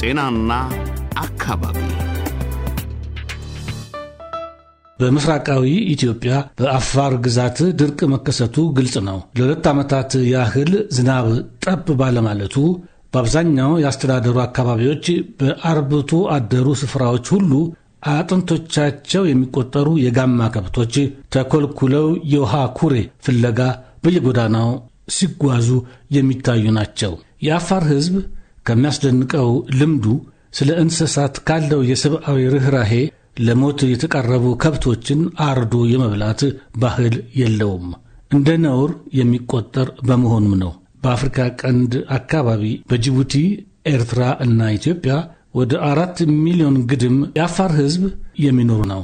ጤናና አካባቢ በምስራቃዊ ኢትዮጵያ በአፋር ግዛት ድርቅ መከሰቱ ግልጽ ነው። ለሁለት ዓመታት ያህል ዝናብ ጠብ ባለማለቱ በአብዛኛው የአስተዳደሩ አካባቢዎች በአርብቶ አደሩ ስፍራዎች ሁሉ አጥንቶቻቸው የሚቆጠሩ የጋማ ከብቶች ተኮልኩለው የውሃ ኩሬ ፍለጋ በየጎዳናው ሲጓዙ የሚታዩ ናቸው። የአፋር ሕዝብ ከሚያስደንቀው ልምዱ ስለ እንስሳት ካለው የሰብአዊ ርኅራሄ ለሞት የተቃረቡ ከብቶችን አርዶ የመብላት ባህል የለውም። እንደ ነውር የሚቆጠር በመሆኑም ነው። በአፍሪካ ቀንድ አካባቢ በጅቡቲ፣ ኤርትራ እና ኢትዮጵያ ወደ አራት ሚሊዮን ግድም የአፋር ሕዝብ የሚኖሩ ነው።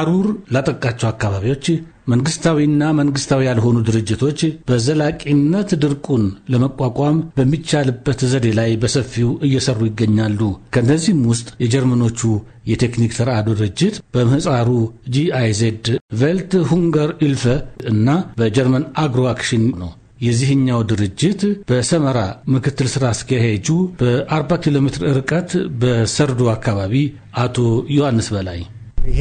አሩር ላጠቃቸው አካባቢዎች መንግስታዊና መንግስታዊ ያልሆኑ ድርጅቶች በዘላቂነት ድርቁን ለመቋቋም በሚቻልበት ዘዴ ላይ በሰፊው እየሰሩ ይገኛሉ። ከእነዚህም ውስጥ የጀርመኖቹ የቴክኒክ ተራድኦ ድርጅት በምህፃሩ ጂአይዜድ ቬልት ሁንገር ኢልፈ እና በጀርመን አግሮ አክሽን ነው። የዚህኛው ድርጅት በሰመራ ምክትል ስራ አስኪያጁ በ40 ኪሎ ሜትር ርቀት በሰርዶ አካባቢ አቶ ዮሐንስ በላይ ይሄ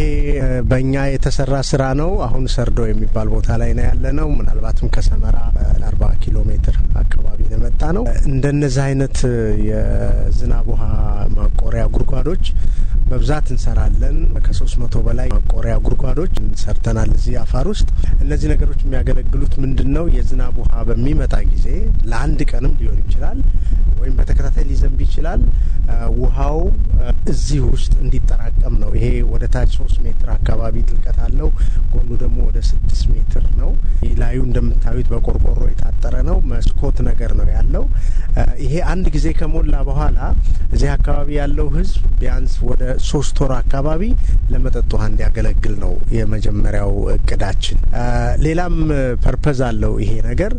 በእኛ የተሰራ ስራ ነው። አሁን ሰርዶ የሚባል ቦታ ላይ ነው ያለ ነው። ምናልባትም ከሰመራ ለአርባ ኪሎ ሜትር አካባቢ የመጣ ነው። እንደነዚህ አይነት የዝናብ ውሃ ማቆሪያ ጉድጓዶች በብዛት እንሰራለን። ከሶስት መቶ በላይ መቆሪያ ጉድጓዶች ሰርተናል እዚህ አፋር ውስጥ። እነዚህ ነገሮች የሚያገለግሉት ምንድን ነው? የዝናብ ውሃ በሚመጣ ጊዜ ለአንድ ቀንም ሊሆን ይችላል ወይም በተከታታይ ሊዘንብ ይችላል። ውሃው እዚህ ውስጥ እንዲጠራቀም ነው። ይሄ ወደ ታች ሶስት ሜትር አካባቢ ጥልቀት አለው። ጎኑ ደግሞ ወደ ስድስት ሜትር ነው። ላዩ እንደምታዩት በቆርቆሮ የታጠረ ነው። መስኮት ነገር ነው ያለው። ይሄ አንድ ጊዜ ከሞላ በኋላ እዚህ አካባቢ ያለው ህዝብ ቢያንስ ወደ ሶስት ወር አካባቢ ለመጠጥ ውሃ እንዲያገለግል ነው የመጀመሪያው እቅዳችን። ሌላም ፐርፐዝ አለው ይሄ ነገር።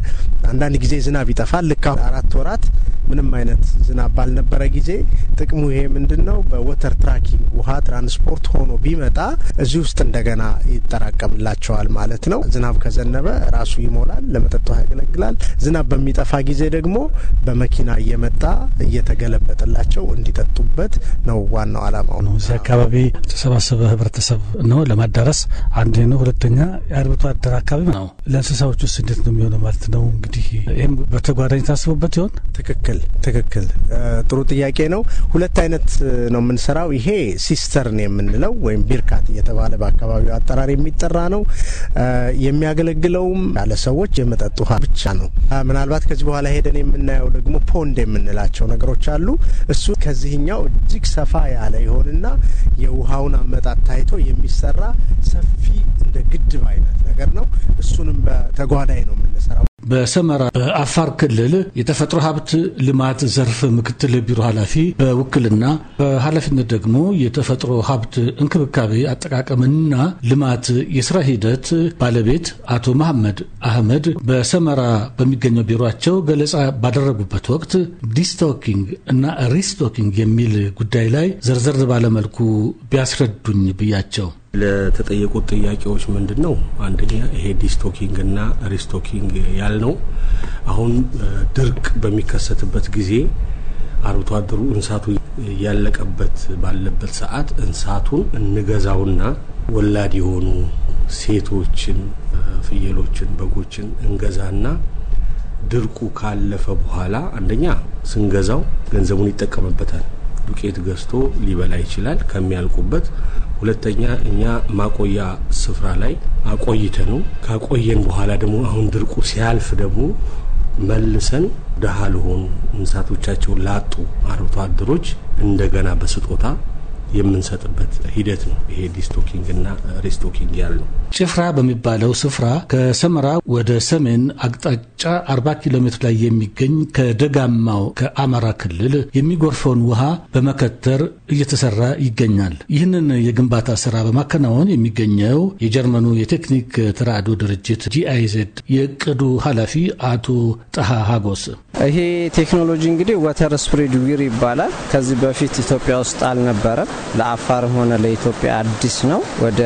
አንዳንድ ጊዜ ዝናብ ይጠፋል። ልክ አራት ወራት ምንም አይነት ዝናብ ባልነበረ ጊዜ ጥቅሙ ይሄ ምንድን ነው? በወተር ትራኪንግ ውሃ ትራንስፖርት ሆኖ ቢመጣ እዚህ ውስጥ እንደገና ይጠራቀምላቸዋል ማለት ነው። ዝናብ ከዘነበ ራሱ ይሞላል፣ ለመጠጥ ውሃ ያገለግላል። ዝናብ በሚጠፋ ጊዜ ደግሞ በመኪና እየመጣ እየተገለበጠላቸው እንዲጠጡበት ነው ዋናው አላማው ነው። እዚህ አካባቢ የተሰባሰበ ህብረተሰብ ነው ለማዳረስ አንድ ነው። ሁለተኛ የአርብቶ አደር አካባቢ ነው። ለእንስሳዎች ውስጥ እንዴት ነው የሚሆነው ማለት ነው። እንግዲህ ይህም በተጓዳኝ ታስቡበት ይሆን? ትክክል ትክክል፣ ጥሩ ጥያቄ ነው። ሁለት አይነት ነው የምንሰራው ይሄ ሲስተርን የምንለው ወይም ቢርካት እየተባለ በአካባቢው አጠራር የሚጠራ ነው። የሚያገለግለውም ያለ ሰዎች የመጠጥ ውሃ ብቻ ነው። ምናልባት ከዚህ በኋላ ሄደን የምናየው ደግሞ ፖንድ የምንላቸው ነገሮች አሉ። እሱ ከዚህኛው እጅግ ሰፋ ያለ ይሆንና የውሃውን አመጣት ታይቶ የሚሰራ ሰፊ እንደ ግድብ አይነት ነገር ነው። እሱንም በተጓዳኝ ነው የምንሰራው። በሰመራ በአፋር ክልል የተፈጥሮ ሀብት ልማት ዘርፍ ምክትል ቢሮ ኃላፊ በውክልና በኃላፊነት ደግሞ የተፈጥሮ ሀብት እንክብካቤ አጠቃቀምና ልማት የስራ ሂደት ባለቤት አቶ መሐመድ አህመድ በሰመራ በሚገኘው ቢሮቸው ገለጻ ባደረጉበት ወቅት ዲስቶኪንግ እና ሪስቶኪንግ የሚል ጉዳይ ላይ ዘርዘር ባለመልኩ ቢያስረዱኝ ብያቸው ለተጠየቁት ጥያቄዎች ምንድን ነው አንደኛ ይሄ ዲስቶኪንግ እና ሪስቶኪንግ ያልነው አሁን ድርቅ በሚከሰትበት ጊዜ አርብቶ አደሩ እንስሳቱ ያለቀበት ባለበት ሰዓት እንስሳቱን እንገዛውና ወላድ የሆኑ ሴቶችን፣ ፍየሎችን፣ በጎችን እንገዛና ድርቁ ካለፈ በኋላ አንደኛ ስንገዛው ገንዘቡን ይጠቀምበታል። ዱቄት ገዝቶ ሊበላ ይችላል። ከሚያልቁበት ሁለተኛ እኛ ማቆያ ስፍራ ላይ አቆይተነው ካቆየን በኋላ ደግሞ አሁን ድርቁ ሲያልፍ ደግሞ መልሰን ድሃ ለሆኑ እንስሳቶቻቸውን ላጡ አርብቶ አደሮች እንደገና በስጦታ የምንሰጥበት ሂደት ነው። ይሄ ዲስቶኪንግ እና ሪስቶኪንግ ያልነው ጭፍራ በሚባለው ስፍራ ከሰመራ ወደ ሰሜን አቅጣጫ 40 ኪሎ ሜትር ላይ የሚገኝ ከደጋማው ከአማራ ክልል የሚጎርፈውን ውሃ በመከተር እየተሰራ ይገኛል። ይህንን የግንባታ ስራ በማከናወን የሚገኘው የጀርመኑ የቴክኒክ ተራድኦ ድርጅት ጂአይዜድ የእቅዱ ኃላፊ አቶ ጠሃ ሀጎስ ይሄ ቴክኖሎጂ እንግዲህ ወተር ስፕሬድ ዊር ይባላል። ከዚህ በፊት ኢትዮጵያ ውስጥ አልነበረም። ለአፋርም ሆነ ለኢትዮጵያ አዲስ ነው። ወደ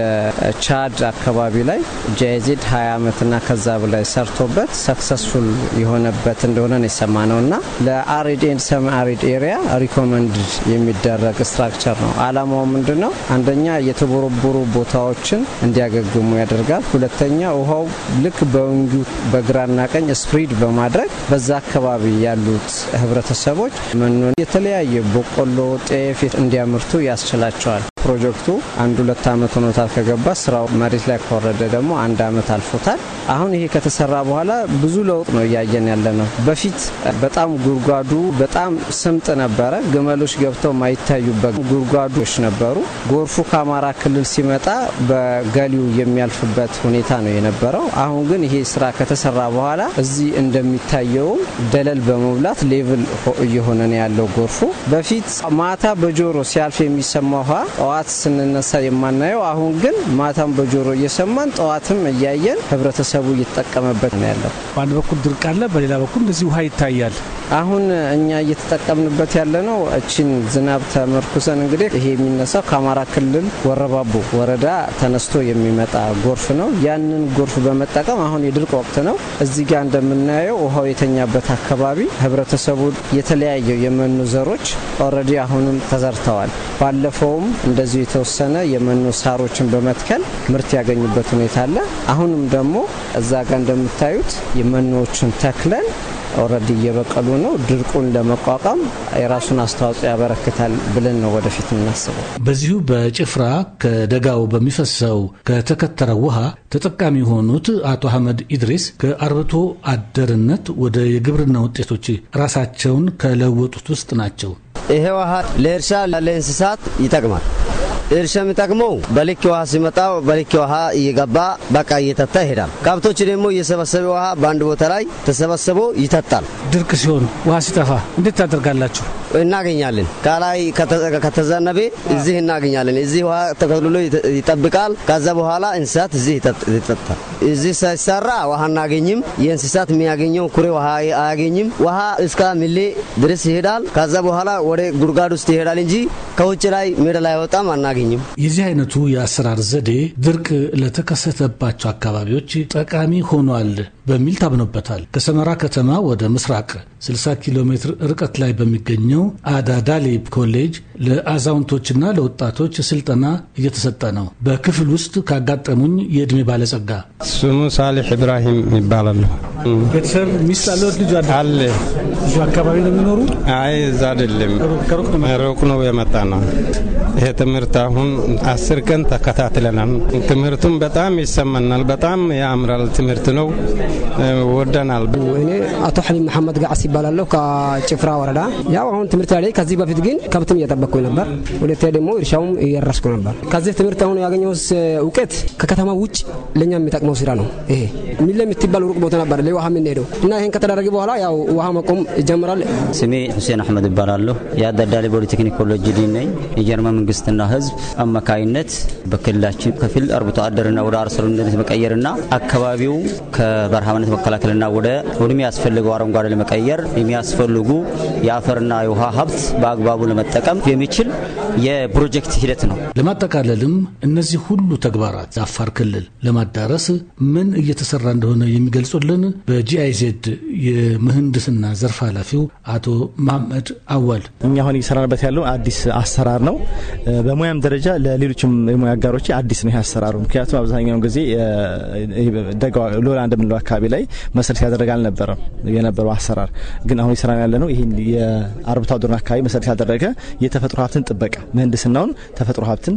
ቻድ አካባቢ ላይ ጃይዜድ 20 ዓመትና ከዛ በላይ ሰርቶበት ሰክሰስፉል የሆነበት እንደሆነ ነው የሰማነው እና ለአሪድ ኤንድ ሰም አሪድ ኤሪያ ሪኮመንድ የሚደረግ ስትራክቸር ነው። አላማው ምንድን ነው? አንደኛ የተቦረቦሩ ቦታዎችን እንዲያገግሙ ያደርጋል። ሁለተኛ ውሃው ልክ በወንጊው በግራና ቀኝ ስፕሪድ በማድረግ በዛ አካባቢ አካባቢ ያሉት ህብረተሰቦች መኖን የተለያየ በቆሎ፣ ጤፍ እንዲያመርቱ ያስችላቸዋል። ፕሮጀክቱ አንድ ሁለት ዓመት ሆኖታል ከገባ ስራው መሬት ላይ ከወረደ ደግሞ አንድ አመት አልፎታል። አሁን ይሄ ከተሰራ በኋላ ብዙ ለውጥ ነው እያየን ያለ ነው። በፊት በጣም ጉድጓዱ በጣም ስምጥ ነበረ። ግመሎች ገብተው ማይታዩበት ጉድጓዶች ነበሩ። ጎርፉ ከአማራ ክልል ሲመጣ በገሊው የሚያልፍበት ሁኔታ ነው የነበረው። አሁን ግን ይሄ ስራ ከተሰራ በኋላ እዚህ እንደሚታየውም ደለል በመብላት ሌቭል እየሆነ ነው ያለው ጎርፉ። በፊት ማታ በጆሮ ሲያልፍ የሚሰማ ውሃ ጠዋት ስንነሳ የማናየው አሁን ግን ማታም በጆሮ እየሰማን ጠዋትም እያየን ህብረተሰቡ እየተጠቀመበት ነው ያለው። በአንድ በኩል ድርቅ አለ፣ በሌላ በኩል እንደዚህ ውሃ ይታያል። አሁን እኛ እየተጠቀምንበት ያለ ነው እችን ዝናብ ተመርኩሰን እንግዲህ ይሄ የሚነሳው ከአማራ ክልል ወረባቦ ወረዳ ተነስቶ የሚመጣ ጎርፍ ነው። ያንን ጎርፍ በመጠቀም አሁን የድርቅ ወቅት ነው። እዚህ ጋር እንደምናየው ውሃው የተኛበት አካባቢ ህብረተሰቡ የተለያዩ የመኖ ዘሮች ኦልሬዲ አሁንም ተዘርተዋል። ባለፈውም እንደዚሁ የተወሰነ የመኖ ሳሮችን በመትከል ምርት ያገኙበት ሁኔታ አለ። አሁንም ደግሞ እዛ ጋር እንደምታዩት የመኖዎችን ተክለን ኦልሬዲ እየበቀሉ ነው። ድርቁን ለመቋቋም የራሱን አስተዋጽኦ ያበረክታል ብለን ነው ወደፊት የምናስበው። በዚሁ በጭፍራ ከደጋው በሚፈሰው ከተከተረ ውሃ ተጠቃሚ የሆኑት አቶ አህመድ ኢድሪስ ከአርብቶ አደርነት ወደ የግብርና ውጤቶች ራሳቸውን ከለወጡት ውስጥ ናቸው። ይሄ ውሃ ለእርሻ ለእንስሳት ይጠቅማል። እርሻ የሚጠቅመው በልክ ውሃ ሲመጣ በልክ ውሃ እየገባ በቃ እየጠጣ ይሄዳል። ከብቶች ደግሞ እየሰበሰበ ውሃ በአንድ ቦታ ላይ ተሰበሰቦ ይጠጣል። ድርቅ ሲሆን ውሃ ሲጠፋ እንዴት ታደርጋላችሁ? እናገኛለን። ከላይ ከተዘነበ እዚህ እናገኛለን። እዚህ ውሃ ተከልሎ ይጠብቃል። ከዛ በኋላ እንስሳት እዚህ ይጠጣል። እዚህ ሳይሰራ ውሃ እናገኝም። የእንስሳት የሚያገኘው ኩሬ ውሃ አያገኝም። ውሃ እስከ ሚሌ ድረስ ይሄዳል። ከዛ በኋላ ወደ ጉድጓድ ውስጥ ይሄዳል እንጂ ከውጭ ላይ ሜዳ ላይ አይወጣም፣ አናገኝም። የዚህ አይነቱ የአሰራር ዘዴ ድርቅ ለተከሰተባቸው አካባቢዎች ጠቃሚ ሆኗል በሚል ታምኖበታል። ከሰመራ ከተማ ወደ ምስራቅ 60 ኪሎ ሜትር ርቀት ላይ በሚገኘው አዳዳሌ ኮሌጅ ለአዛውንቶችና ለወጣቶች ስልጠና እየተሰጠ ነው። በክፍል ውስጥ ካጋጠሙኝ የእድሜ ባለጸጋ ስሙ ሳሌሕ ኢብራሂም ይባላሉ። ቤተሰብ ሚስት አለዎት? ልጅ አለ? እዚሁ አካባቢ ነው የሚኖሩ? አይ እዛ አይደለም፣ ሩቅ ነው የመጣ ነው። ይሄ ትምህርት አሁን አስር ቀን ተከታትለናል። ትምህርቱም በጣም ይሰማናል፣ በጣም ያምራል ትምህርት ነው። ወርደናል። እኔ አቶ ሐሊም መሐመድ ጋዓስ ይባላለሁ ከጭፍራ ወረዳ። ያው አሁን ትምህርት ላይ ከዚህ በፊት ግን ከብትም እየጠበቅኩኝ ነበር፣ ሁለቴ ደግሞ እርሻውም እየረስኩ ነበር። ከዚህ ትምህርት አሁን ያገኘሁት እውቀት ከከተማ ውጭ ለእኛ የሚጠቅመው ስራ ነው። ይሄ ሚለ የምትባል ሩቅ ቦታ ነበር ለውሃ የምንሄደው እና ይህን ከተደረገ በኋላ ያው ውሃ መቆም ይጀምራል። ስሜ ሁሴን አሕመድ ይባላለሁ። የአዳዳሌ ፖሊቴክኒክ ኮሌጅ ዲን ነኝ። የጀርመን መንግስትና ህዝብ አማካይነት በክልላችን ከፊል አርብቶ አደርና ወደ አርሶ አደርነት መቀየርና አካባቢው ከበርሃ በረሃብነት መከላከልና ወደ ወደሚያስፈልገው አረንጓዴ ለመቀየር የሚያስፈልጉ የአፈርና የውሃ ሀብት በአግባቡ ለመጠቀም የሚችል የፕሮጀክት ሂደት ነው። ለማጠቃለልም እነዚህ ሁሉ ተግባራት አፋር ክልል ለማዳረስ ምን እየተሰራ እንደሆነ የሚገልጹልን በጂአይዜድ የምህንድስና ዘርፍ ኃላፊው አቶ መሐመድ አዋል እኛ አሁን እየሰራንበት ያለው አዲስ አሰራር ነው። በሙያም ደረጃ ለሌሎችም የሙያ አጋሮች አዲስ ነው ይህ አሰራሩ። ምክንያቱም አብዛኛውን ጊዜ ደጋ ሎላ እንደምንለው አካባቢ አካባቢ ላይ መሰረት ያደረገ አልነበረም የነበረው አሰራር። ግን አሁን ይሰራን ያለ ነው ይህን የአርብቶ አደሩን አካባቢ መሰረት ያደረገ የተፈጥሮ ሀብትን ጥበቃ ምህንድስናውን ተፈጥሮ ሀብትን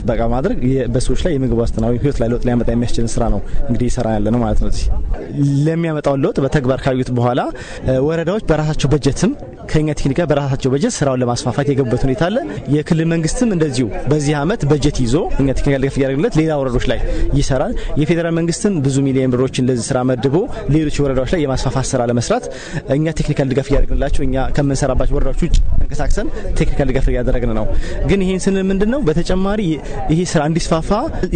ጥበቃ በማድረግ በሰዎች ላይ የምግብ ዋስትና ህይወት ላይ ለውጥ ሊያመጣ የሚያስችልን ስራ ነው እንግዲህ ይሰራን ያለ ነው ማለት ነው። ለሚያመጣውን ለውጥ በተግባር ካዩት በኋላ ወረዳዎች በራሳቸው በጀትም ከኛ ቴክኒክ ጋር በራሳቸው በጀት ስራውን ለማስፋፋት የገቡበት ሁኔታ አለ። የክልል መንግስትም እንደዚሁ በዚህ ዓመት በጀት ይዞ እኛ ቴክኒክ ድጋፍ እያደረግለት ሌላ ወረዶች ላይ ይሰራል። የፌዴራል መንግስትም ብዙ ሚሊዮን ብሮች እንደዚህ ስራ መድቦ ሌሎች ወረዳዎች ላይ የማስፋፋት ስራ ለመስራት እኛ ቴክኒካል ድጋፍ እያደረግንላቸው እኛ ከምንሰራባቸው ወረዳዎች ውጭ ተንቀሳቅሰን ቴክኒካል ድጋፍ እያደረግን ነው። ግን ይህን ስንል ምንድን ነው በተጨማሪ ይሄ ስራ እንዲስፋፋ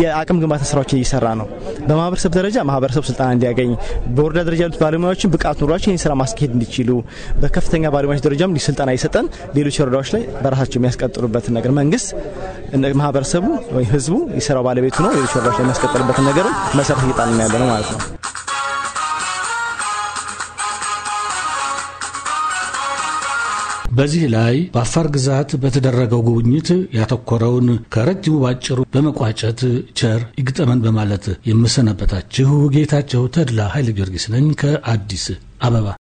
የአቅም ግንባታ ስራዎችን እየሰራ ነው። በማህበረሰብ ደረጃ ማህበረሰብ ስልጠና እንዲያገኝ፣ በወረዳ ደረጃ ያሉት ባለሙያዎችን ብቃት ኑሯቸው ይህን ስራ ማስኬድ እንዲችሉ፣ በከፍተኛ ባለሙያዎች ደረጃም ስልጠና እየሰጠን ሌሎች ወረዳዎች ላይ በራሳቸው የሚያስቀጥሉበትን ነገር መንግስት ማህበረሰቡ ወይ ህዝቡ የስራው ባለቤቱ ነው። ሌሎች ወረዳዎች ላይ የሚያስቀጥሉበትን ነገር መሰረት እየጣልን ያለ ነው ማለት ነው። በዚህ ላይ በአፋር ግዛት በተደረገው ጉብኝት ያተኮረውን ከረጅሙ ባጭሩ በመቋጨት ቸር ይግጠመን በማለት የምሰነበታችሁ ጌታቸው ተድላ ኃይለ ጊዮርጊስ ነኝ ከአዲስ አበባ።